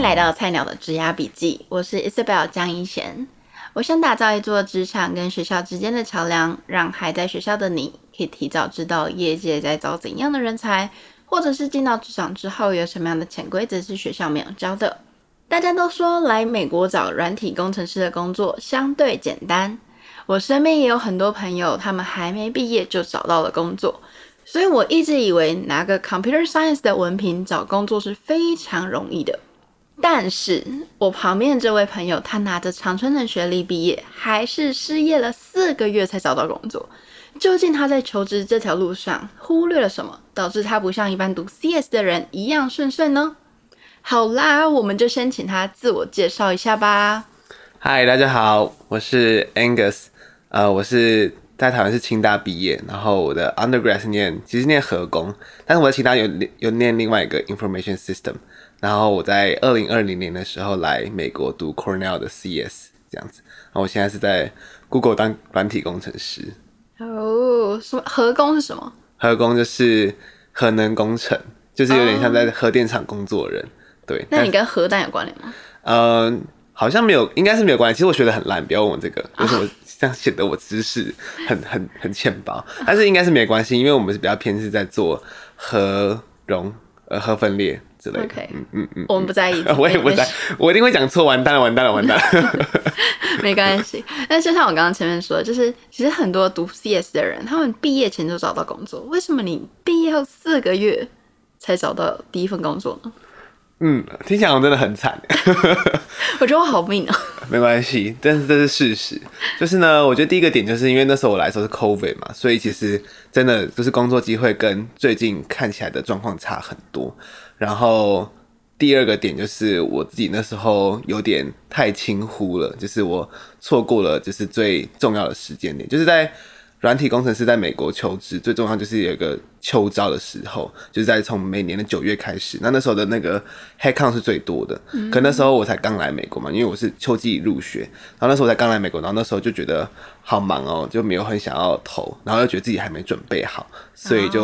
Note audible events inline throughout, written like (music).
來到菜鳥的職涯筆記，我是 Isabel 張一賢。我想打造一座職場跟學校之間的橋樑，讓還在學校的你，可以提早知道業界在找怎樣的人才，或者是進到職場之後有什麼樣的潛規則是學校沒有教的。大家都說來美國找軟體工程師的工作相對簡單，我身邊也有很多朋友，他們還沒畢業就找到了工作，所以我一直以為拿個 Computer Science 的文憑找工作是非常容易的。但是我旁邊這位朋友，他拿着長春的學歷畢業，還是失業了四個月才找到工作。究竟他在求職這條路上忽略了什麼，導致他不像一般讀 CS 的人一樣順順呢？好啦，我們就先請他自我介紹一下吧。Hi，大家好，我是 Angus，呃，我是在台灣是清大畢業，然後我的 Undergrad 念其實念核工，但是我的其他有有念另外一個 Information System。然後我在二零二零年的時候來美國讀 Cornell 的 CS 這樣子，然後我現在是在 Google 當軟體工程師。哦，什麼？核工是什麼？核工就是核能工程，就是有點像在核電廠工作的人。Oh. 對，那你跟核彈有關聯嗎？嗯、呃，好像沒有，應該是沒有關係。其實我學的很爛，不要問我這個，就是、我什麼、oh. 這樣顯得我知識很很很淺薄？但是應該是沒關係，因為我們是比較偏是在做核融呃核分裂。之類的，OK，嗯嗯嗯，我們不在意，我也不在意， (laughs) 我一定會講錯，完蛋了，完蛋了，完蛋了！ (laughs) (laughs) 沒關係，但就像我剛剛前面說的，就是其實很多讀 CS 的人，他們畢業前就找到工作，為什麼你畢業後四個月才找到第一份工作呢？嗯，聽起來我真的很慘。 (laughs) (laughs) 我覺得我好命啊，沒關係，但是這是事實。就是呢，我覺得第一個點就是因為那時候我來的時候是 COVID 嘛，所以其實真的就是工作機會跟最近看起來的狀況差很多。然後第二個點就是我自己那時候有點太輕忽了，就是我錯過了就是最重要的時間點，就是在。軟體工程師在美國求職，最重要就是有一個秋招的時候，就是在從每年的九月開始。那那時候的那個 headcount 是最多的。嗯嗯，可那時候我才剛來美國嘛，因為我是秋季入學，然後那時候我才剛來美國，然後那時候就覺得好忙哦，就沒有很想要投，然後又覺得自己還沒準備好，所以就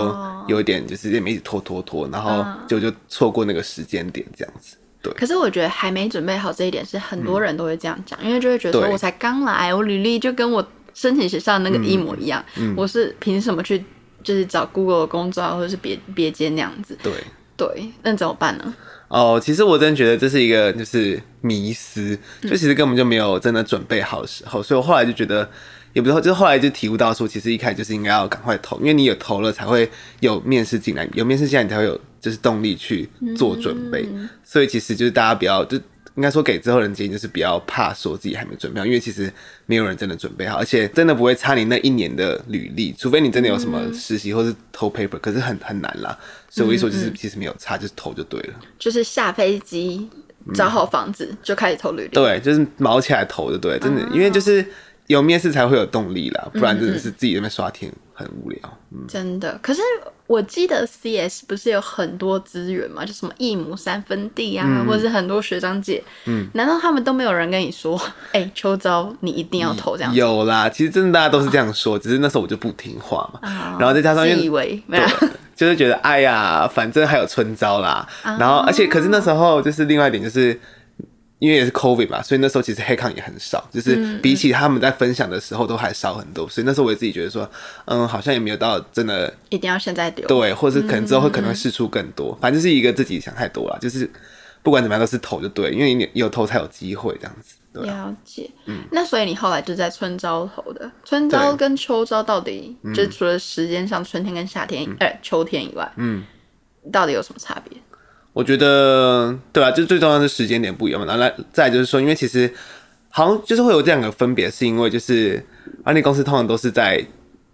有一點就是也沒一直拖拖拖，然後就就錯過那個時間點這樣子。對。可是我覺得還沒準備好這一點是很多人都會這樣講、嗯，因為就會覺得說我才剛來，我履歷就跟我。申請學校那個一模一樣，嗯嗯、我是憑什麼去就是找 Google 工作，或者是別別間那樣子？對對，那怎麼辦呢？哦，其實我真的覺得這是一個就是迷思，就其實根本就沒有真的準備好的時候、嗯，所以我後來就覺得，也不是，就是後來就體悟到說，其實一開始就是應該要趕快投，因為你有投了才會有面試進來，有面試進來你才會有就是動力去做準備，嗯、所以其實就是大家不要就。應該說給之後人建議就是不要怕說自己還沒準備好，因為其實沒有人真的準備好，而且真的不會差你那一年的履歷，除非你真的有什麼實習或是投 paper，、嗯、可是很很難啦。所以我一說就是嗯嗯其實沒有差，就是投就對了。就是下飛機找好房子、嗯、就開始投履歷。對，就是毛起來投就對，真的，因為就是。嗯有面試才會有動力啦，不然真的是自己在那邊刷題、嗯、很無聊、嗯。真的，可是我記得 CS 不是有很多資源嘛，就什麼一畝三分地啊、嗯，或者是很多學長姐。嗯，難道他們都沒有人跟你說，哎、嗯欸，秋招你一定要投這樣子？有啦，其實真的大家都是這樣說，啊、只是那時候我就不聽話嘛。啊、然後再加上因為，以為沒有，就是覺得哎呀，反正還有春招啦、啊。然後，而且可是那時候就是另外一點就是。因為也是 COVID 嘛，所以那時候其實黑康也很少，就是比起他們在分享的時候都還少很多。嗯、所以那時候我也自己覺得說，嗯，好像也沒有到真的一定要現在丟，對，或是可能之後會可能會試出更多。嗯、反正是一個自己想太多了，就是不管怎麼樣都是投就對，因為你有投才有機會這樣子、啊。了解，嗯，那所以你後來就在春招投的，春招跟秋招到底就是、除了時間上春天跟夏天，哎、嗯呃，秋天以外，嗯，到底有什麼差別？我覺得對吧，就是最重要的是時間點不一樣嘛。然後來再來，就是說，因為其實好像就是會有這兩個分別，是因為就是安利公司通常都是在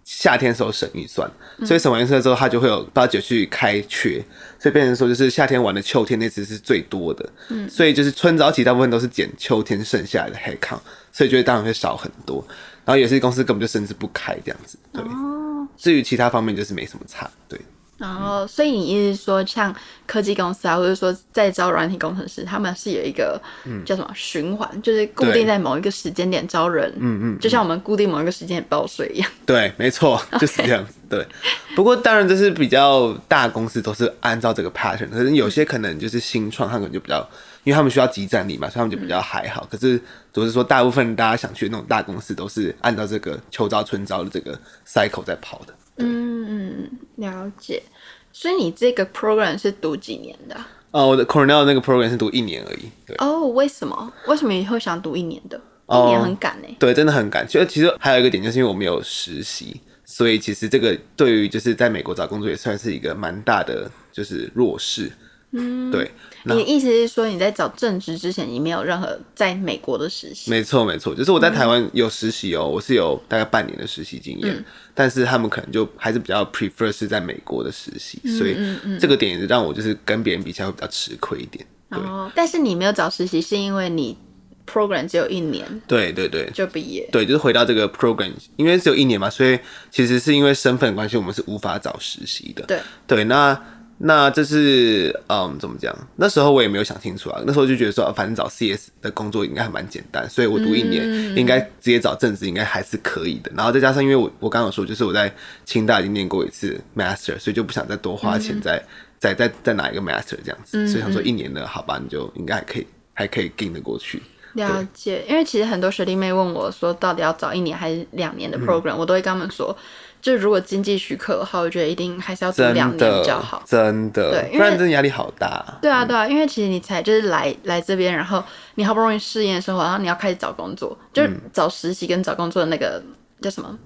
夏天時候省預算，所以省完預算之後，它就會有八九、嗯、去開缺，所以變成說就是夏天完的秋天那次是最多的。嗯，所以就是春招大部分都是撿秋天剩下的黑康，所以就會當然會少很多。然後有些公司根本就甚至不開這樣子。對，哦、至於其他方面就是沒什麼差。對。嗯、然後，所以你意思說，像科技公司啊，或者說在招軟體工程師，他們是有一個叫什麼循環、嗯，就是固定在某一個時間點招人，嗯嗯，就像我們固定某一個時間點報稅一樣。嗯嗯嗯、 (laughs) 對，沒錯，就是這樣子。Okay. 對，不過當然這是比較大公司都是按照這個 pattern，可是有些可能就是新創，他可能就比較、嗯，因為他們需要即戰力嘛，所以他們就比較還好。可是，總是說大部分大家想去那種大公司，都是按照這個秋招春招的這個 cycle 在跑的。嗯，了解。所以你這個 program 是讀幾年的？哦、oh，我的 Cornell 那個 program 是讀一年而已。哦，oh, 為什麼？為什麼你會想讀一年的？Oh, 一年很趕呢、欸。對，真的很趕。就其實還有一個點，就是因為我沒有實習，所以其實這個對於就是在美國找工作也算是一個蠻大的就是弱勢。嗯、對，你的意思是說你在找正職之前，你沒有任何在美國的實習？沒錯，沒錯，就是我在台灣有實習哦，嗯、我是有大概半年的實習經驗、嗯，但是他們可能就還是比較 prefer 是在美國的實習，嗯、所以這個點也是讓我就是跟別人比起來比較吃虧一點、嗯嗯。哦，但是你沒有找實習，是因為你 program 只有一年對？對對對，就畢業，對，就是回到這個 program，因為只有一年嘛，所以其實是因為身份關係，我們是無法找實習的。對對，那。那這、就是嗯，怎麼講？那時候我也沒有想清楚啊。那時候就覺得說，反正找 CS 的工作應該還蠻簡單，所以我讀一年應該直接找正職應該還是可以的。嗯、然後再加上，因為我我剛剛有說，就是我在清大已經念過一次 Master，所以就不想再多花錢再再再再拿一個 Master 這樣子。嗯、所以想說一年呢，好吧，你就應該還可以還可以 gain 得過去。了解，因為其實很多學弟妹問我說，到底要找一年還是兩年的 program、嗯、我都會跟他們說。就如果經濟許可的話，我覺得一定還是要做兩年比較好，真的，真的對，不然真的壓力好大。對啊，對啊、嗯，因為其實你才就是來來這邊，然後你好不容易適應生活，然後你要開始找工作，就找實習跟找工作的那個、嗯、叫什麼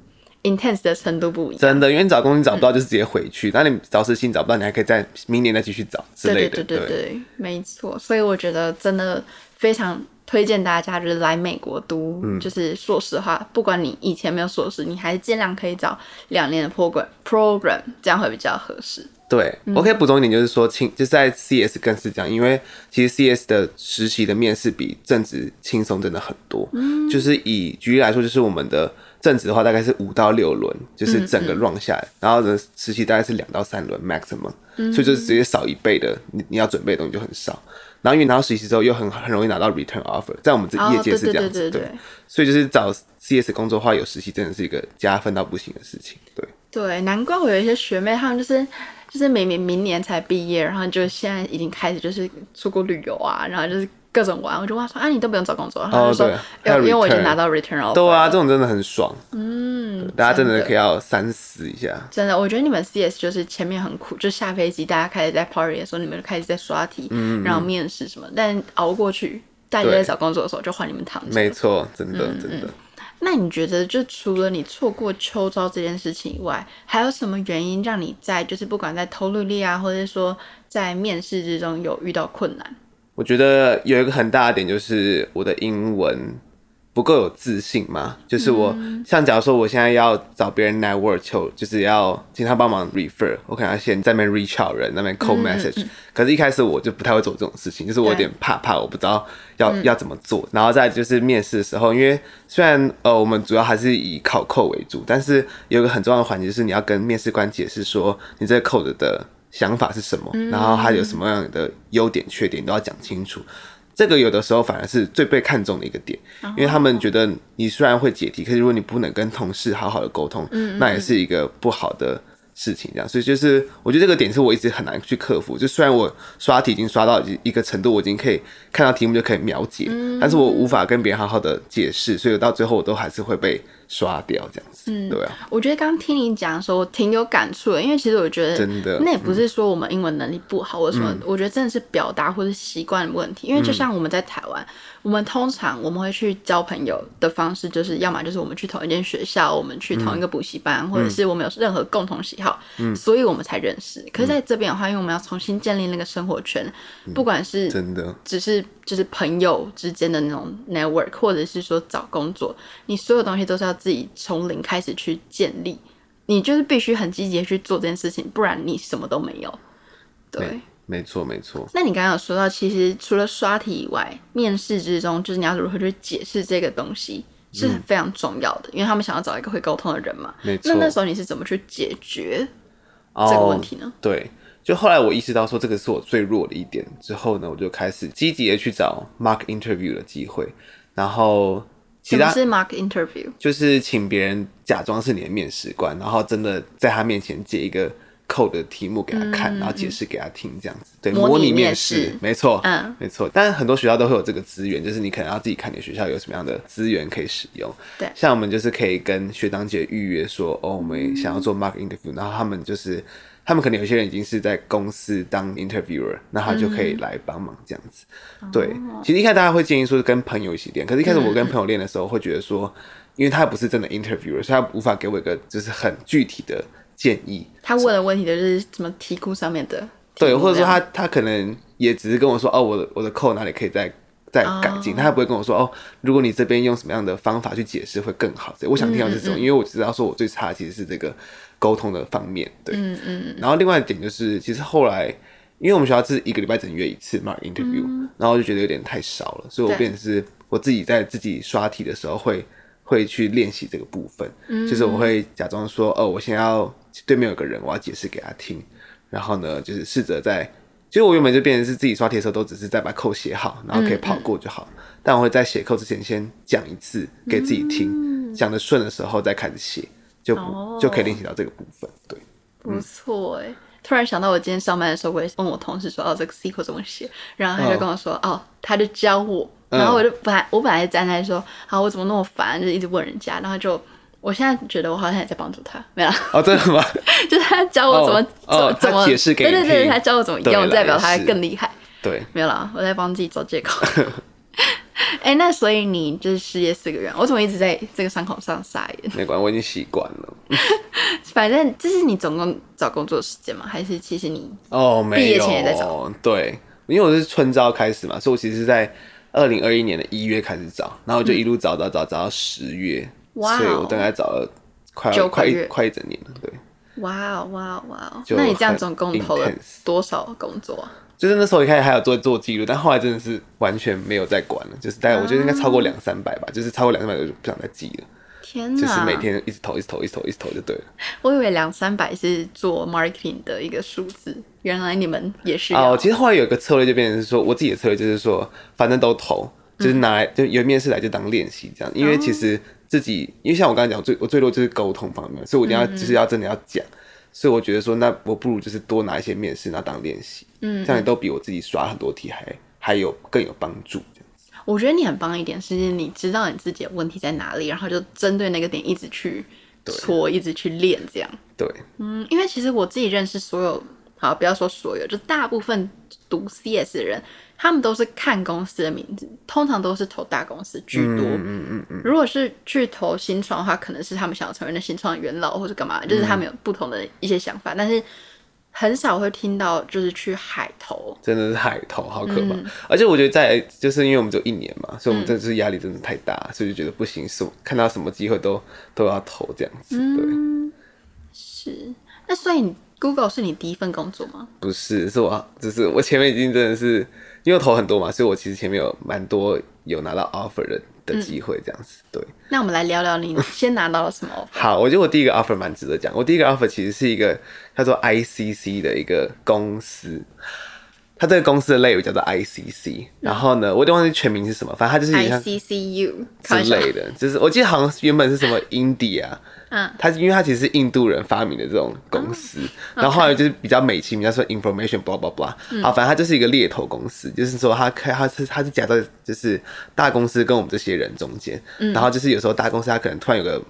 intense 的程度不一樣。真的，因為你找工作你找不到，就是直接回去，那、嗯、你找實習找不到，你還可以在明年再繼續找之類的對，對對對對對，對沒錯，所以我覺得真的非常。推薦大家就是來美國讀、嗯，就是碩士的話，不管你以前沒有碩士，你還是盡量可以找兩年的 program，program program, 這樣會比較合適。對，我可以補充一點就，就是說輕就在 CS 更是這樣，因為其實 CS 的實習的面試比正職輕鬆真的很多。嗯，就是以舉例來說，就是我們的正職的話大概是五到六輪，就是整個 run 下來，嗯嗯，然後呢實習大概是兩到三輪 max 嘛，所以就是直接少一倍的，你你要準備的東西就很少。然後因為拿到實習之後又很很容易拿到 return offer，在我們這業界是這樣子，oh, 對,對,對,對,對,對，所以就是找 CS 工作的話，有實習真的是一個加分到不行的事情，對。對，難怪我有一些學妹，她們就是就是明明明年才畢業，然後就現在已經開始就是出國旅遊啊，然後就是各種玩。我就問他說啊，你都不用找工作？然後說、oh, 欸，因為我已經拿到 return offer。對啊，這種真的很爽。大家真的可以要三思一下。真的，我覺得你們 CS 就是前面很苦，就下飛機大家開始在 party 的時候，你們就開始在刷題，嗯嗯，然後面試什麼。但熬過去，大家在找工作的時候就換你們躺。沒錯，真的嗯嗯，真的。那你覺得，就除了你錯過秋招這件事情以外，還有什麼原因讓你在就是不管在投履歷啊，或者說在面試之中有遇到困難？我覺得有一個很大的點就是我的英文。不夠有自信嗎？就是我、嗯、像，假如說我現在要找別人 network 求，就是要請他幫忙 refer，我可能要先在那邊 reach out 人，那邊 cold message 嗯嗯嗯。可是，一開始我就不太會做這種事情，就是我有點怕，怕，怕我不知道要、嗯、要怎麼做。然後再就是面試的時候，因為雖然呃我們主要還是以考 code 為主，但是有個很重要的環節是你要跟面試官解釋說你這個 code 的想法是什麼，嗯嗯嗯，然後它有什麼樣的優點、缺點都要講清楚。這個有的時候反而是最被看重的一個點，因為他們覺得你雖然會解題，可是如果你不能跟同事好好的溝通，那也是一個不好的事情。這樣，嗯嗯嗯，所以就是我覺得這個點是我一直很難去克服。就雖然我刷題已經刷到一個程度，我已經可以看到題目就可以秒解，但是我無法跟別人好好的解釋，所以到最後我都還是會被。刷掉這樣子，嗯，對啊。我覺得剛聽你講的時候，我挺有感觸的，因為其實我覺得真的，那也不是說我們英文能力不好，或者什麼，我覺得真的是表達或者習慣問題，嗯。因為就像我們在台灣，我們通常我們會去交朋友的方式，就是要麼就是我們去同一間學校，我們去同一個補習班，嗯，或者是我們有任何共同喜好，嗯，所以我們才認識。可是在這邊的話，因為我們要重新建立那個生活圈，不管是真的，只是就是朋友之間的那種 network，或者是說找工作，你所有東西都是要。自己從零開始去建立，你就是必須很積極的去做這件事情，不然你什麼都沒有。對，沒錯，沒錯。那你剛剛有說到，其實除了刷題以外，面試之中就是你要如何去解釋這個東西是很非常重要的，嗯，因為他們想要找一個會溝通的人嘛。沒錯。那那時候你是怎麼去解決這個問題呢？哦，對，就後來我意識到說這個是我最弱的一點之後呢，我就開始積極的去找 mark interview 的機會，然後。什麼是 mock interview，就是請別人假裝是你的面試官，然後真的在他面前解一個 code 的題目給他看，嗯、然後解釋給他聽，這樣子。對，模擬面試，沒錯，嗯，沒錯。但很多學校都會有這個資源，就是你可能要自己看你的學校有什麼樣的資源可以使用。對，像我們就是可以跟學長姐預約說，哦，我們想要做 mock interview，、嗯、然後他們就是。他們可能有些人已經是在公司當 interviewer，那他就可以來幫忙這樣子。嗯、對、哦，其實一開始大家會建議說跟朋友一起練，可是一開始我跟朋友練的時候會覺得說、嗯，因為他不是真的 interviewer，所以他無法給我一個就是很具體的建議。他問的問題的就是什麼題庫上面的，對，或者說他他可能也只是跟我說哦，我的我的 code 哪裡可以再再改進、哦，他不會跟我說哦，如果你這邊用什麼樣的方法去解釋會更好、嗯。我想聽到這種、嗯，因為我知道說我最差其實是這個。溝通的方面，對，嗯嗯，然後另外一點就是，其實後來，因為我們學校是一個禮拜只約一次 mock interview，、嗯、然後我就覺得有點太少了，所以我變成是，我自己在自己刷題的時候會，會會去練習這個部分，嗯，就是我會假裝說，嗯、哦，我現在要對面有個人，我要解釋給他聽，然後呢，就是試着在，其實我原本就變成是自己刷題的時候，都只是在把扣寫好，然後可以跑過就好，嗯嗯，但我會在寫扣之前，先講一次給自己聽，嗯、講的順的時候再開始寫。就、oh, 就可以練習到這個部分，對，不錯哎、嗯。突然想到，我今天上班的時候，我也問我同事說：“哦，這個 SQL 怎麼寫？”然後他就跟我說：“ oh, 哦，他就教我。嗯”然後我就本來我本來站在說：“好，我怎麼那麼煩，就是一直問人家？”然後就我現在覺得我好像也在幫助他，沒了。哦，真的嗎？ (laughs) 就是他教我怎麼、oh, 怎麼、oh, 怎麼解釋給對對對，他教我怎麼用，代表他還更厲害、啊。對，沒有了，我在幫自己找借口。 (laughs) 哎、欸，那所以你就是失業四個月，我怎麼一直在這個傷口上撒鹽？沒關係，我已經習慣了。 (laughs) 反正這是你總共找工作的時間嗎？還是其實你哦，畢業前也在找，哦？對，因為我是春招開始嘛，所以我其實是在二零二一年的一月開始找，然後就一路找找找、找，找到十月，哇，嗯，所以我大概找了快快一，wow, 一快一整年。了。對，哇哦，哇哦，哇！哦，那你這樣總共投了多少工作？啊、嗯？就是那時候一開始還有做做記錄，但後來真的是完全沒有再管了。就是大概我覺得應該超過兩三百吧、嗯，就是超過兩三百我就不想再記了。天哪！就是每天一直投，一直投，一直投，一直投就對了。我以為兩三百是做 marketing 的一個數字，原來你們也是哦。其實後來有一個策略就變成是說我自己的策略就是說，反正都投，就是拿來、嗯、就有面試來就當練習這樣。因為其實自己，因為像我剛才講，最我最多就是溝通方面，所以我一定要嗯嗯就是要真的要講。所以我覺得說，那我不如就是多拿一些面試拿當練習，嗯、嗯，這樣也都比我自己刷很多題還還有更有幫助。這樣子，我覺得你很棒一點，是你知道你自己的問題在哪裡，然後就針對那個點一直去搓。對，一直去練，這樣。對，嗯，因為其實我自己認識所有，好，不要說所有，就大部分讀 CS 的人，他們都是看公司的名字，通常都是投大公司，居多，嗯嗯嗯。如果是去投新創的話，可能是他們想要成為那新創的元老或是的，或者幹嘛，就是他們有不同的一些想法。但是很少會聽到就是去海投，真的是海投，好可怕。嗯、而且我覺得在就是因為我們只有一年嘛，所以我們真的是壓力真的太大，嗯，所以就覺得不行，是我看到什麼機會都都要投這樣子。對、嗯，是。那所以你 Google 是你第一份工作嗎？不是，是我就是我前面已經真的是。因為投很多嘛，所以我其實前面有蠻多有拿到 offer 的的機會，這樣子，嗯。對，那我們來聊聊你先拿到了什麼 offer？ (laughs) 好，我覺得我第一個 offer 蠻值得講。我第一個 offer 其實是一個叫做 ICC 的一個公司。它這個公司的類我叫做 I C C，no. 然後呢，我有點忘記全名是什麼，反正它就是 I C C U 之類的，就是我記得好像原本是什麼 India，它、uh. 因為它其實是印度人發明的這種公司，uh. 然後後來就是比較美其名叫做 Information blah，好 blah blah，okay. 反正它就是一個獵頭公司，mm. 就是說它開它是它是夾在就是大公司跟我們這些人中間，mm. 然後就是有時候大公司它可能突然有個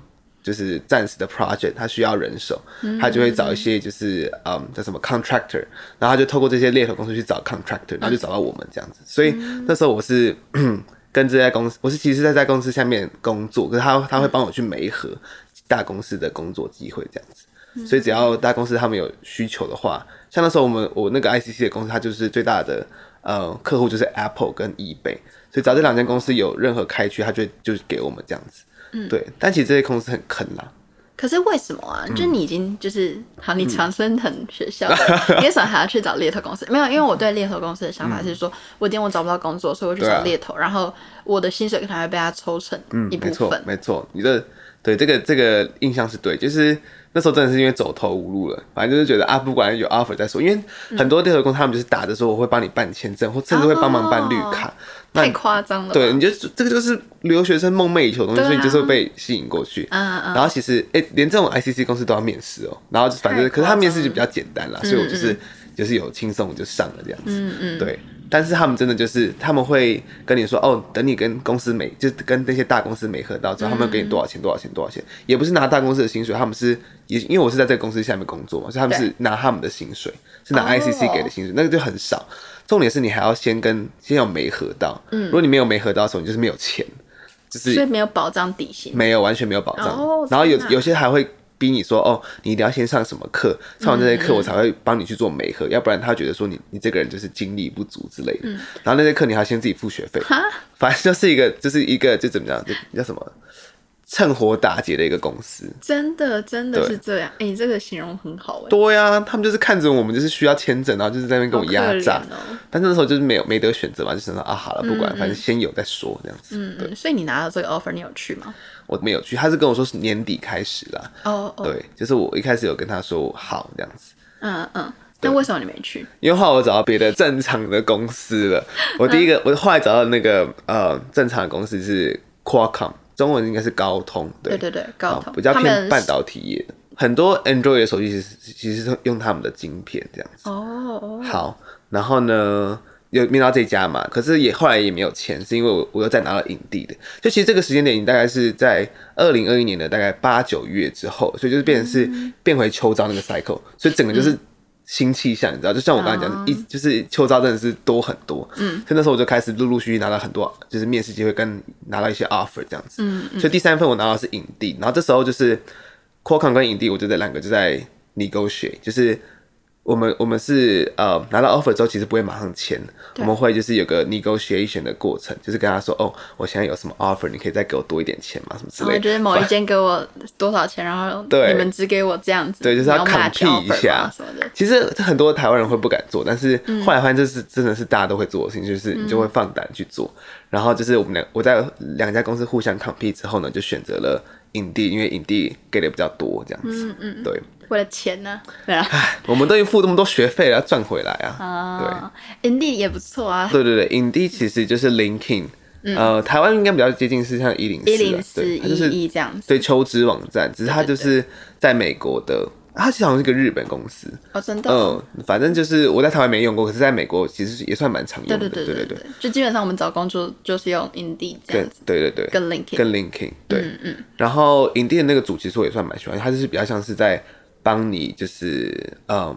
就是暫時的 project，他需要人手，他就會找一些就是嗯，嗯，嗯叫什麼 contractor，然後他就透過這些獵頭公司去找 contractor，然後就找到我們這樣子。所以那時候我是、嗯、跟這家公司，我是其實在這家公司下面工作，可是他他會幫我去媒合大公司的工作機會這樣子。所以只要大公司他們有需求的話，嗯、像那時候我們我那個 ICC 的公司，它就是最大的呃客戶就是 Apple 跟 eBay。所以只要這兩間公司有任何開區，他就就給我們這樣子。嗯、對，但其實這些公司很坑吶。可是為什麼啊？嗯、就你已經就是好，你常春藤學校，為什麼還要去找獵頭公司？ (laughs) 沒有，因為我對獵頭公司的想法是說、嗯，我今天我找不到工作，所以我去找獵頭、嗯，然後我的薪水可能會被他抽成一部分。沒、嗯、錯，沒錯，你的對這個這個印象是對，就是。那時候真的是因為走投無路了，反正就是覺得啊，不管有 offer 再說，因為很多電獵公司他們就是打的時候，我會幫你辦簽證，或甚至會幫忙辦綠卡，oh, 太誇張了。對，你就這個就是留學生夢寐以求的東西，所以你就是會被吸引過去。Uh, uh. 然後其實，哎、欸，連這種 ICC 公司都要面試哦。然後反正，可是他面試就比較簡單啦，所以我就是嗯嗯就是有輕鬆我就上了這樣子。嗯嗯。對。但是他們真的就是他們會跟你說哦，等你跟公司沒，就跟那些大公司沒合到之後，嗯、他們會給你多少錢？多少錢？多少錢？也不是拿大公司的薪水，他們是也因為我是在這個公司下面工作嘛，所以他們是拿他們的薪水，是拿 ICC 給的薪水，哦、那個就很少。重點是你還要先跟先要沒合到，嗯，如果你沒有沒合到的時候，你就是沒有錢，就是沒有保障底薪，沒有完全沒有保障。哦啊、然後有有些還會，逼你說哦，你一定要先上什麼課，上完這些課我才會幫你去做媒合，嗯，要不然他覺得說你你這個人就是經歷不足之類的。嗯，然後那些課你還要先自己付學費，反正就是一個就是一個就怎麼樣就叫什麼趁火打劫的一個公司。真的真的是這樣，哎，欸，這個形容很好哎。對呀，啊，他們就是看着我們就是需要簽證，然後就是在那邊跟我壓榨。哦，但那時候就是沒有沒得選擇嘛，就是說啊，好了，不管，嗯，反正先有再說這樣子。嗯，對，所以你拿到這個 offer，你有去嗎？我沒有去，他是跟我說是年底開始啦。哦、oh, oh.，對，就是我一開始有跟他說好這樣子。嗯、uh, 嗯、uh.，那為什麼你沒去？因為後來我找到別的正常的公司了。我第一個，uh. 我後來找到那個呃正常的公司是 Qualcomm，中文應該是高通，對。對對對，高通，比較偏半導體業，很多 Android 的手機其實其實是用他們的晶片這樣子。哦哦。好，然後呢？有面到這家嘛？可是也後來也沒有錢，是因為我我又再拿了 Indeed 的。就其實這個時間點，你大概是在二零二一年的大概八九月之後，所以就是變成是變回秋招那個 cycle，、嗯、所以整個就是新氣象、嗯，你知道？就像我剛才講，一就是秋招真的是多很多。嗯，所以那時候我就開始陸陸續續拿到很多，就是面試機會跟拿到一些 offer 這樣子。嗯所以第三份我拿到是 Indeed，然後這時候就是 Qualcomm、嗯嗯、跟 Indeed，我就在兩個就在 negotiate，就是。我們我們是呃拿到 offer 之後其實不會馬上簽，我們會就是有個 negotiation 的過程，就是跟他說哦，我現在有什麼 offer，你可以再給我多一點錢嘛，什麼之類的。我覺得某一間給我多少錢， (laughs) 然後你們只給我這樣子。對，對就是要 compete、就是、一下。其實很多台灣人會不敢做，但是換、嗯、來換就是真的是大家都會做的事情，就是你就會放膽去做、嗯。然後就是我們兩我在兩家公司互相 compete 之後呢，就選擇了。Indeed，因為 Indeed 給的比較多，這樣子。嗯嗯對。為了錢呢？對 (laughs) 啊。我們都已經付這麼多學費了，要賺回來啊。啊、uh。對，Indeed 也不錯啊。對對對，Indeed 其實就是 LinkedIn 呃，台灣應該比較接近是像一零四、一零四一這樣。對，求職網站，對對對只是它就是在美國的。他其實好像是一個日本公司哦，真的。嗯，反正就是我在台灣沒用過，可是在美國其實也算蠻常用的。對對對對，對，對，對，對，就基本上我們找工作就是用 Indeed 這樣子。對對對，對，跟 LinkedIn，跟 LinkedIn。對。嗯，嗯。然後 Indeed 那個主其實我也算蠻喜歡，他就是比較像是在幫你就是嗯，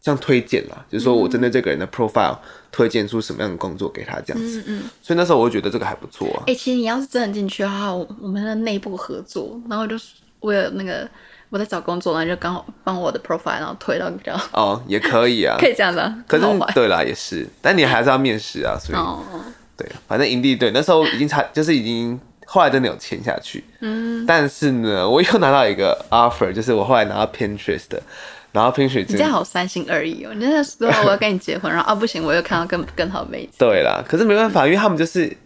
像推薦啦，就是說我針對這個人的 profile 推薦出什麼樣的工作給他這樣子。嗯，嗯所以那時候我就覺得這個還不錯啊、欸。其實你要是真的進去的話，我們的內部合作，然後就為了那個。我在找工作然後就剛好幫我的 profile，然後推到你這樣哦，也可以啊， (laughs) 可以這樣子、啊。可是對啦，也是，但你還是要面試啊，所以、哦、對，反正營地對那時候已經差，就是已經後來真的有簽下去。嗯，但是呢，我又拿到一個 offer，就是我後來拿到 Pinterest 的，然後 Pinterest。人家好三心二意哦！你那時候說我要跟你結婚， (laughs) 然後啊不行，我又看到更更好妹子。對啦，可是沒辦法，因為他們就是。嗯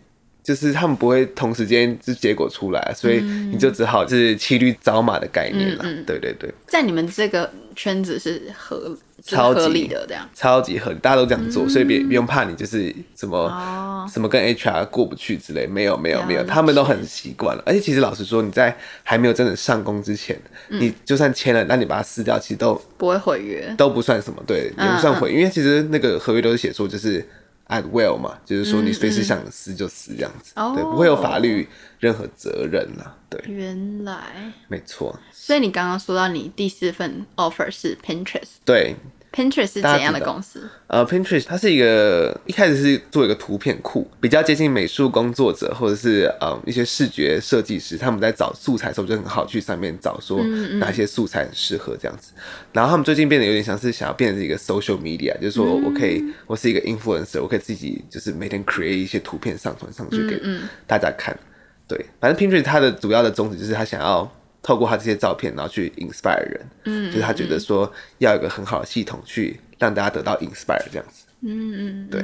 就是他們不會同時間就結果出來、嗯，所以你就只好就是騎驢找馬的概念了、嗯嗯。對對對，在你們這個圈子是合超級、就是、合理的這樣，超級，超級合理，大家都這樣做，嗯、所以別不用怕你就是什麼、哦、什麼跟 HR 過不去之類，沒有沒有沒有，他們都很習慣了。而且其實老實說，你在還沒有真的上工之前，嗯、你就算簽了，那你把它撕掉，其實都不會毀約，都不算什麼，對，也不算毀、嗯嗯，因為其實那個合約都是寫說，就是。at will 嘛，就是說你隨時想撕就撕這樣子，嗯嗯，對，不會有法律任何責任啦、啊。對。原來，沒錯。所以你剛剛說到你第四份 offer 是 Pinterest，對。Pinterest 是怎樣的公司？呃，Pinterest 它是一個一開始是做一個圖片庫，比較接近美術工作者或者是呃、嗯、一些視覺設計師，他們在找素材的時候就很好去上面找，說哪些素材很適合這樣子嗯嗯。然後他們最近變得有點像是想要變成一個 social media，就是說我可以，嗯、我是一個 influencer，我可以自己就是每天 create 一些圖片上傳上去給大家看嗯嗯。對，反正 Pinterest 它的主要的宗旨就是他想要。透過他這些照片，然後去 inspire 人，嗯，嗯，就是他覺得說，要有一個很好的系統去讓大家得到 inspire 這樣子，嗯嗯，對。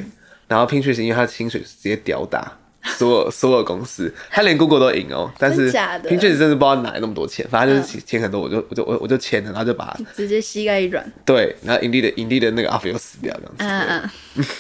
然後 Pinterest 因為他的薪水直接吊打所有所有公司， (laughs) 他連 Google 都贏哦，但是 Pinterest 真的不知道哪來那麼多錢，反正就是錢很多我，我就我就我我就簽了，然後就把他直接膝蓋一軟，對，然後 Indeed 的 Indeed 的那個 offer 又死掉這樣子，嗯、啊、嗯。 (laughs)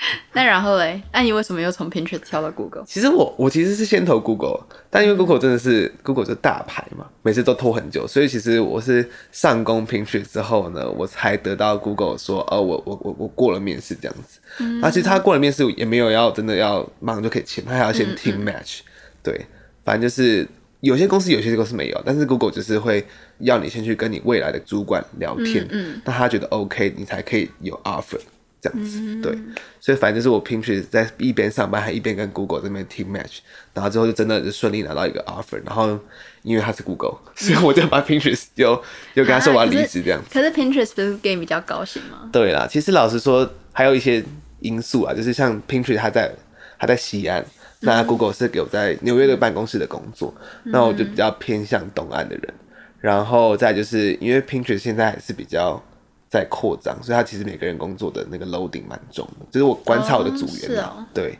(laughs) 那然後嘞？那你為什麼又從 Pinterest 跳到 Google？ (laughs) 其實我我其實是先投 Google，但因為 Google 真的是 Google 是大牌嘛，每次都拖很久，所以其實我是上攻 Pinterest 之後呢，我才得到 Google 說，哦，我我我我過了面試這樣子。啊，其實他過了面試也沒有要真的要馬上就可以簽，他還要先 team match 嗯嗯嗯。對，反正就是有些公司有些公司沒有，但是 Google 就是會要你先去跟你未來的主管聊天，那嗯嗯他覺得 OK，你才可以有 offer。這樣子，對，所以反正就是我 Pinterest 在一邊上班，還一邊跟 Google 這邊 team match，然後之後就真的就順利拿到一個 offer。然後因為他是 Google，所以我就把 Pinterest 就又跟他說我要離職這樣子。啊，可是，可是 Pinterest 不是 game 比較高薪嗎？對啦，其實老實說，還有一些因素啊，就是像 Pinterest 它在它在西岸，那 Google 是有在紐約的辦公室的工作，那我就比較偏向東岸的人。然後再就是因為 Pinterest 現在還是比較。在擴張，所以他其實每個人工作的那個 loading 蠻重的。就是我觀察我的組員、oh, 啊，對。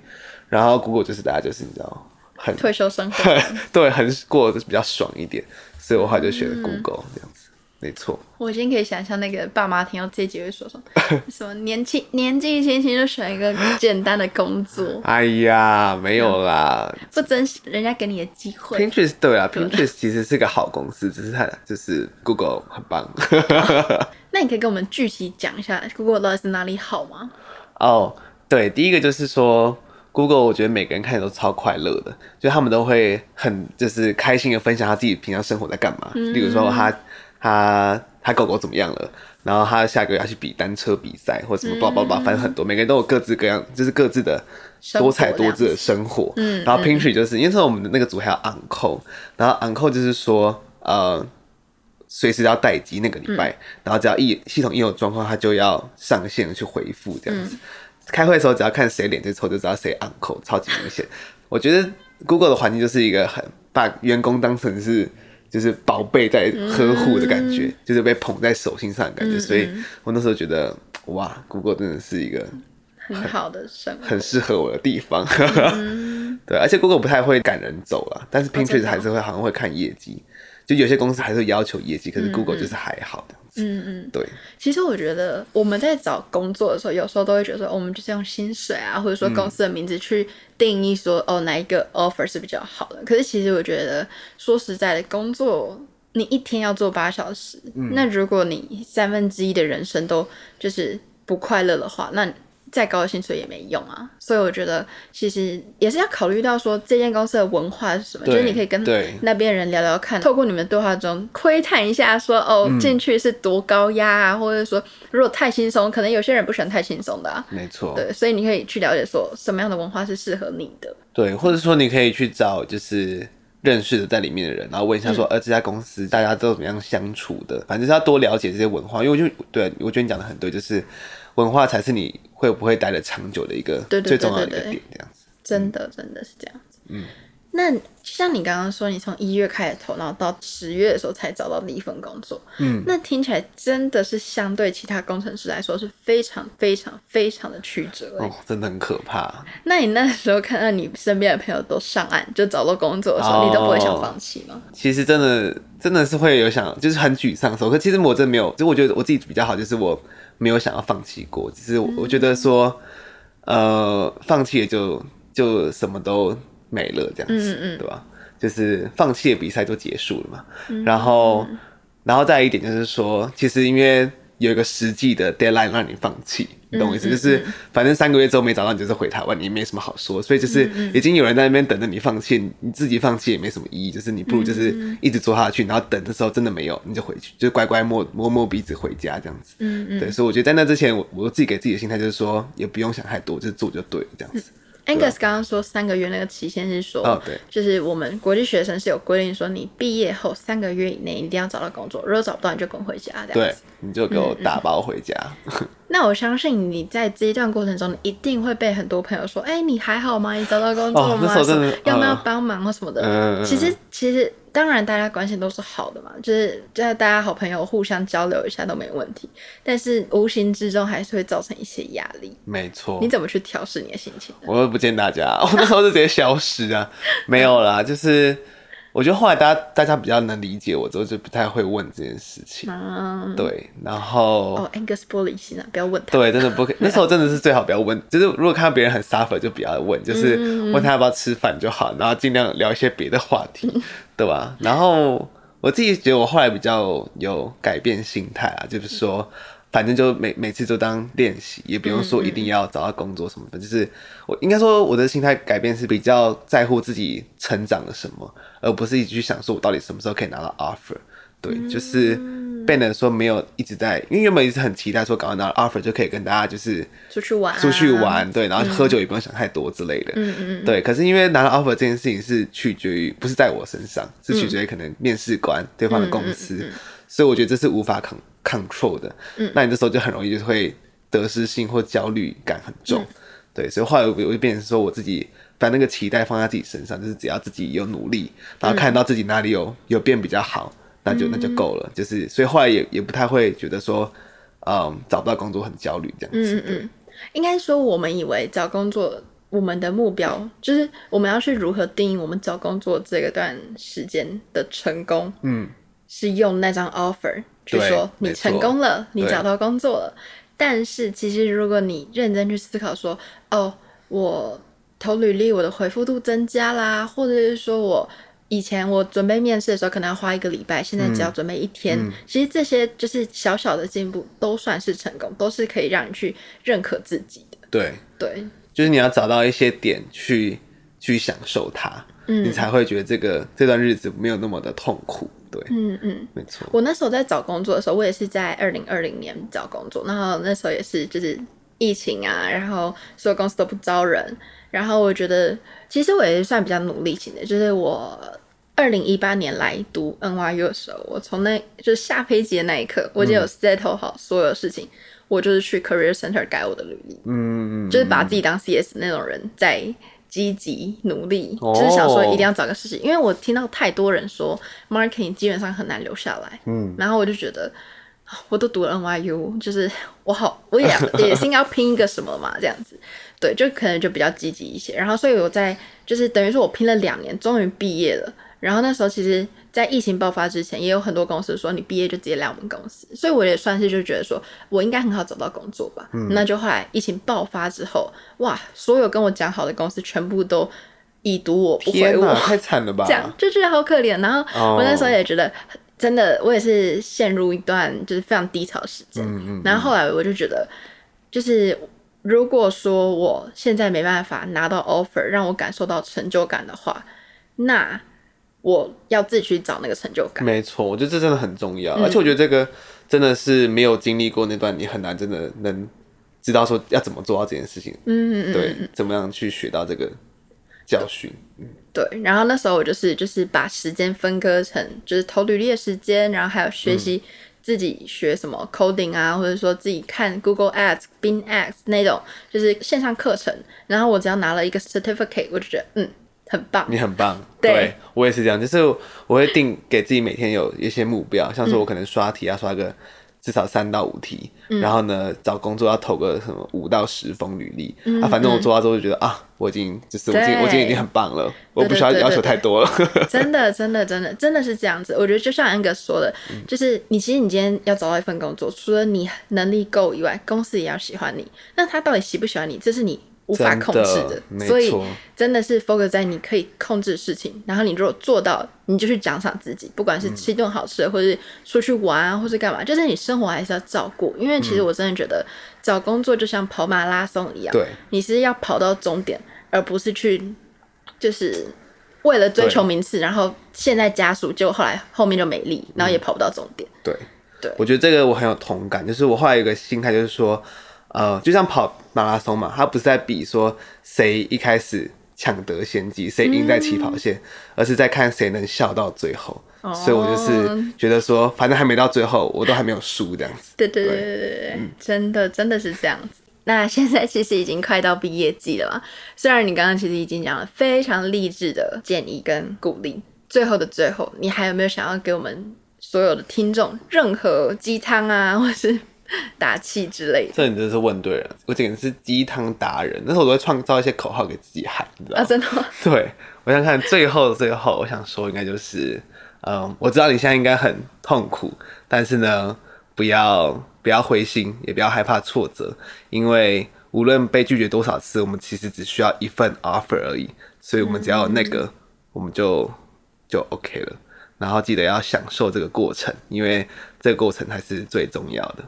然後 Google 就是大家就是你知道很，很退休生活， (laughs) 對，很過比較爽一點。所以我後來就選了 Google 這樣子，嗯、沒錯。我已經可以想象那個爸媽聽到這幾位說說 (laughs) 什麼年輕年紀輕輕就選一個簡單的工作？ (laughs) 哎呀，沒有啦， (laughs) 不珍惜人家給你的機會。Pinterest 對啊，Pinterest 其實是個好公司，只是它就是 Google 很棒。 (laughs) 那你可以跟我們具體講一下 Google 到底是哪裡好嗎？哦、oh,，對，第一個就是說 Google，我覺得每個人看起來都超快樂的，就他們都會很就是開心的分享他自己平常生活在幹嘛，mm -hmm. 例如說他他他狗狗怎麼樣了，然後他下個月要去比單車比賽或者什麼叭巴叭，反正很多、mm -hmm. 每個人都有各自各樣，就是各自的多彩多姿的生活。嗯，然後 Pinchy 就是、mm -hmm. 因為說我們的那個組還有 Uncle，然後 Uncle 就是說呃。隨時要待機那個禮拜、嗯，然後只要一系統一有狀況，他就要上線去回復這樣子、嗯。開會的時候，只要看誰臉最臭，就知道誰 on call，超級明顯。 (laughs) 我覺得 Google 的環境就是一個很把員工當成是就是寶貝在呵護的感覺、嗯，就是被捧在手心上的感覺。嗯、所以我那時候覺得，哇，Google 真的是一個很，很好的生活，很適合我的地方。 (laughs) 對，而且 Google 不太會趕人走啊，但是 Pinterest 還是會好像會看業績。哦就有些公司還是會要求業績，可是 Google 就是還好的。嗯嗯，嗯，對。其實我覺得我們在找工作的時候，有時候都會覺得說，哦，我們就是用薪水啊，或者說公司的名字去定義說，嗯，哦，哪一個 offer 是比較好的。可是其實我覺得，說實在的，工作你一天要做八小時，嗯，那如果你三分之一的人生都就是不快樂的話，那再高的薪水也沒用啊，所以我覺得其實也是要考慮到說，這間公司的文化是什麼。就是你可以跟那邊人聊聊看，透過你們的對話中窺探一下說，說、嗯、哦，進去是多高壓啊，或者說如果太輕鬆，可能有些人不喜歡太輕鬆的、啊。沒錯，對，所以你可以去了解說什麼樣的文化是適合你的。對，或者說你可以去找就是認識的在裡面的人，然後問一下說，呃、嗯，這家公司大家都怎麼樣相處的？反正是要多了解這些文化，因為就對，我覺得你講的很對，就是。文化才是你會不會待的長久的一個最重要的一個點，這樣子。對對對對對真的，真的是這樣子。嗯，嗯那。像你剛剛說，你從一月開始投，然後到十月的時候才找到第一份工作，嗯，那聽起來真的是相對其他工程師來說是非常非常非常的曲折哦，真的很可怕。那你那時候看到你身邊的朋友都上岸就找到工作的時候，哦、你都不會想放棄嗎？其實真的真的是會有想，就是很沮喪的時候。可是其實我真的沒有，就我覺得我自己比較好，就是我沒有想要放棄過。就是我覺得說，嗯、呃，放棄也就就什麼都美了這樣子嗯嗯，對吧？就是放棄的比賽就結束了嘛嗯嗯。然後，然後再一點就是說，其實因為有一個實際的 deadline 讓你放棄，你懂我意思嗯嗯嗯？就是反正三個月之後沒找到你，就是回台灣，你也沒什麼好說。所以就是已經有人在那邊等着你放棄，你自己放棄也沒什麼意義。就是你不如就是一直做下去，然後等的時候真的沒有，你就回去，就乖乖摸摸摸鼻子回家這樣子嗯嗯。對，所以我覺得在那之前，我我自己給自己的心態就是說，也不用想太多，就是做就對了這樣子。Angus 剛剛說三個月那個期限是說，oh, 就是我們國際學生是有規定說，你畢業後三個月以內一定要找到工作，如果找不到你就滾回家這樣子，對，你就給我打包回家。嗯嗯 (laughs) 那我相信你在這一段過程中，你一定會被很多朋友說：“哎、欸，你還好嗎？你找到工作了嗎、oh, 真的？要不要幫忙啊什麼的嗯嗯嗯？”其實，其實。當然，大家關係都是好的嘛，就是在大家好朋友互相交流一下都沒問題。但是無形之中還是會造成一些壓力。沒錯，你怎麼去調適你的心情？我又不見大家啊，我那時候就直接消失啊，沒有啦，就是。我覺得後來大家大家比較能理解我之後，就不太會問這件事情。啊、對，然後哦，Angus Bally、啊、不要問他，對，真的不可以。那時候真的是最好不要問， (laughs) 就是如果看到別人很 suffer 就不要問，就是問他要不要吃飯就好，嗯嗯然後儘量聊一些別的話題，嗯，對吧？然後我自己覺得我後來比較有改變心態啊，就是說。反正就每每次都當練習，也不用說一定要找到工作什麼的。嗯嗯，就是我應該說我的心態改變是比較在乎自己成長了什麼，而不是一直去想說我到底什麼時候可以拿到 offer 對。對、嗯嗯，就是變得說沒有一直在，因為原本一直很期待說趕快拿到 offer 就可以跟大家就是出去玩，出去玩，對，然後喝酒也不用想太多之類的。嗯嗯。對，可是因為拿到 offer 這件事情是取決於不是在我身上，嗯、是取決於可能面試官、對方的公司嗯嗯嗯嗯嗯，所以我覺得這是無法抗。control 的，嗯，那你這時候就很容易就是會得失心或焦慮感很重，嗯，對，所以後來我會就變成說，我自己把那個期待放在自己身上，就是只要自己有努力，然後看到自己哪裡有，嗯、有變比較好，那就那就夠了，嗯，就是所以後來也也不太會覺得說，嗯，找不到工作很焦慮這樣子。嗯，嗯，應該說我們以為找工作，我們的目標、嗯、就是我們要去如何定義我們找工作這個段時間的成功，嗯，是用那張 offer。就說你成功了，你找到工作了。但是其實，如果你認真去思考說，說哦，我投履歷，我的回復度增加啦或者是說我以前我準備面試的時候可能要花一個禮拜，現在只要準備一天。嗯嗯，其實這些就是小小的進步，都算是成功，都是可以讓你去認可自己的。對對，就是你要找到一些點去去享受它，嗯，你才會覺得這個這段日子沒有那麼的痛苦。對，嗯嗯，沒錯。我那時候在找工作的時候，我也是在二零二零年找工作，然後那時候也是就是疫情啊，然後所有公司都不招人，然後我覺得其實我也算比較努力型的，就是我二零一八年來讀 NYU 的時候，我從那就是下飛機的那一刻，嗯、我就有 settle 好所有事情，我就是去 Career Center 改我的履歷，嗯，嗯嗯，就是把自己當 CS 那種人在。積極努力，就是想說一定要找個事情，oh. 因為我聽到太多人說 marketing 基本上很難留下來，嗯，然後我就覺得，我都讀了 NYU，就是我好，我也， (laughs) 也應該要拼一個什麼嘛，這樣子，對，就可能就比較積極一些，然後所以我在就是等於說我拼了兩年，終於畢業了。然後那時候，其實，在疫情爆發之前，也有很多公司說你畢業就直接來我們公司，所以我也算是就覺得說我應該很好找到工作吧。嗯、那就後來疫情爆發之後，哇，所有跟我講好的公司全部都已讀我，不回我，太慘了吧？這就覺、是、得好可憐。然後我那時候也覺得，哦、真的，我也是陷入一段就是非常低潮時間。嗯嗯嗯。然後後來我就覺得，就是如果說我現在沒辦法拿到 offer，讓我感受到成就感的話，那。我要自己去找那個成就感。沒錯，我覺得這真的很重要、嗯，而且我覺得這個真的是沒有經歷過那段，你很難真的能知道說要怎麼做到這件事情。嗯嗯，嗯對，怎麼樣去學到這個教訓？對。然後那時候我就是就是把時間分割成就是投履歷的時間，然後還有學習自己學什麼 coding 啊、嗯，或者說自己看 Google Ads、Bing Ads 那種就是線上課程。然後我只要拿了一個 certificate，我就覺得嗯。很棒，你很棒，對，對我也是這樣，就是我會定給自己每天有一些目標，嗯、像說我可能刷題要、啊、刷個至少三到五題、嗯，然後呢找工作要投個什麼五到十封履歷、嗯，啊，反正我做到之後就覺得、嗯、啊，我已經就是我今我今天已經很棒了對對對，我不需要要求太多了。對對對 (laughs) 真的真的真的真的是這樣子，我覺得就像安格說的、嗯，就是你其實你今天要找到一份工作，除了你能力夠以外，公司也要喜歡你，那他到底喜不喜歡你，這是你。無法控制的，所以真的是 focus 在你可以控制事情。然後你如果做到，你就去獎賞自己，不管是吃一頓好吃的，嗯、或者是出去玩啊，或是幹嘛。就是你生活還是要照顧，因為其實我真的覺得、嗯、找工作就像跑馬拉松一樣，對，你是要跑到終點，而不是去就是為了追求名次，然後現在加速，結果後來後面就沒力，然後也跑不到終點。對，對，我覺得這個我很有同感，就是我後來有一個心態，就是說。呃，就像跑馬拉松嘛，他不是在比說誰一開始搶得先機，誰贏在起跑線，嗯、而是在看誰能笑到最後。哦、所以我就是覺得說，反正還沒到最後，我都還沒有輸這樣子。對對對對對、嗯、真的真的是這樣子。那現在其實已經快到畢業季了嘛，雖然你剛剛其實已經講了非常勵志的建議跟鼓勵。最後的最後，你還有沒有想要給我們所有的聽眾任何雞湯啊，或是？打氣之類的，這你真是問對了。我簡直是雞湯達人，那時候我都會創造一些口號給自己喊，你知道嗎？啊，真的嗎？對，我想看最後的最後，我想說，應該就是，嗯，我知道你現在應該很痛苦，但是呢，不要不要灰心，也不要害怕挫折，因為無論被拒絕多少次，我們其實只需要一份 offer 而已，所以我們只要那個、嗯，我們就就 OK 了。然後記得要享受這個過程，因為這個過程才是最重要的。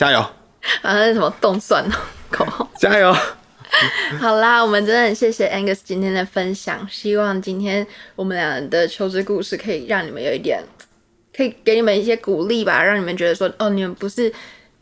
加油！好、啊、像什麼凍蒜口號。加油！ (laughs) 好啦，我們真的很謝謝 Angus 今天的分享，希望今天我們兩人的求職故事可以讓你們有一點，可以給你們一些鼓勵吧，讓你們覺得說，哦，你們不是。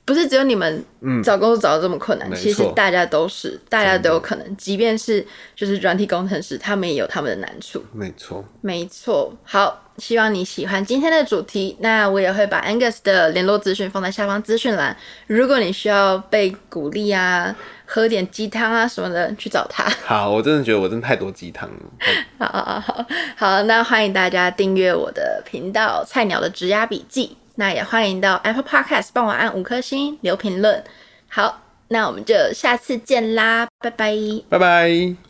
不是只有你們找工作找得這麼困難，嗯，其實大家都是，大家都有可能，即便是就是軟體工程師，他們也有他們的難處。沒錯，沒錯。好，希望你喜歡今天的主題。那我也會把 Angus 的聯絡資訊放在下方資訊欄。如果你需要被鼓勵啊，喝點雞湯啊什麼的，去找他。好，我真的覺得我真的太多雞湯了。 (laughs) 好，好，好，好，那歡迎大家訂閱我的頻道《菜鳥的職涯筆記》。那也歡迎到 Apple Podcast 幫我按五顆星留評論。好，那我們就下次見啦，拜拜，拜拜。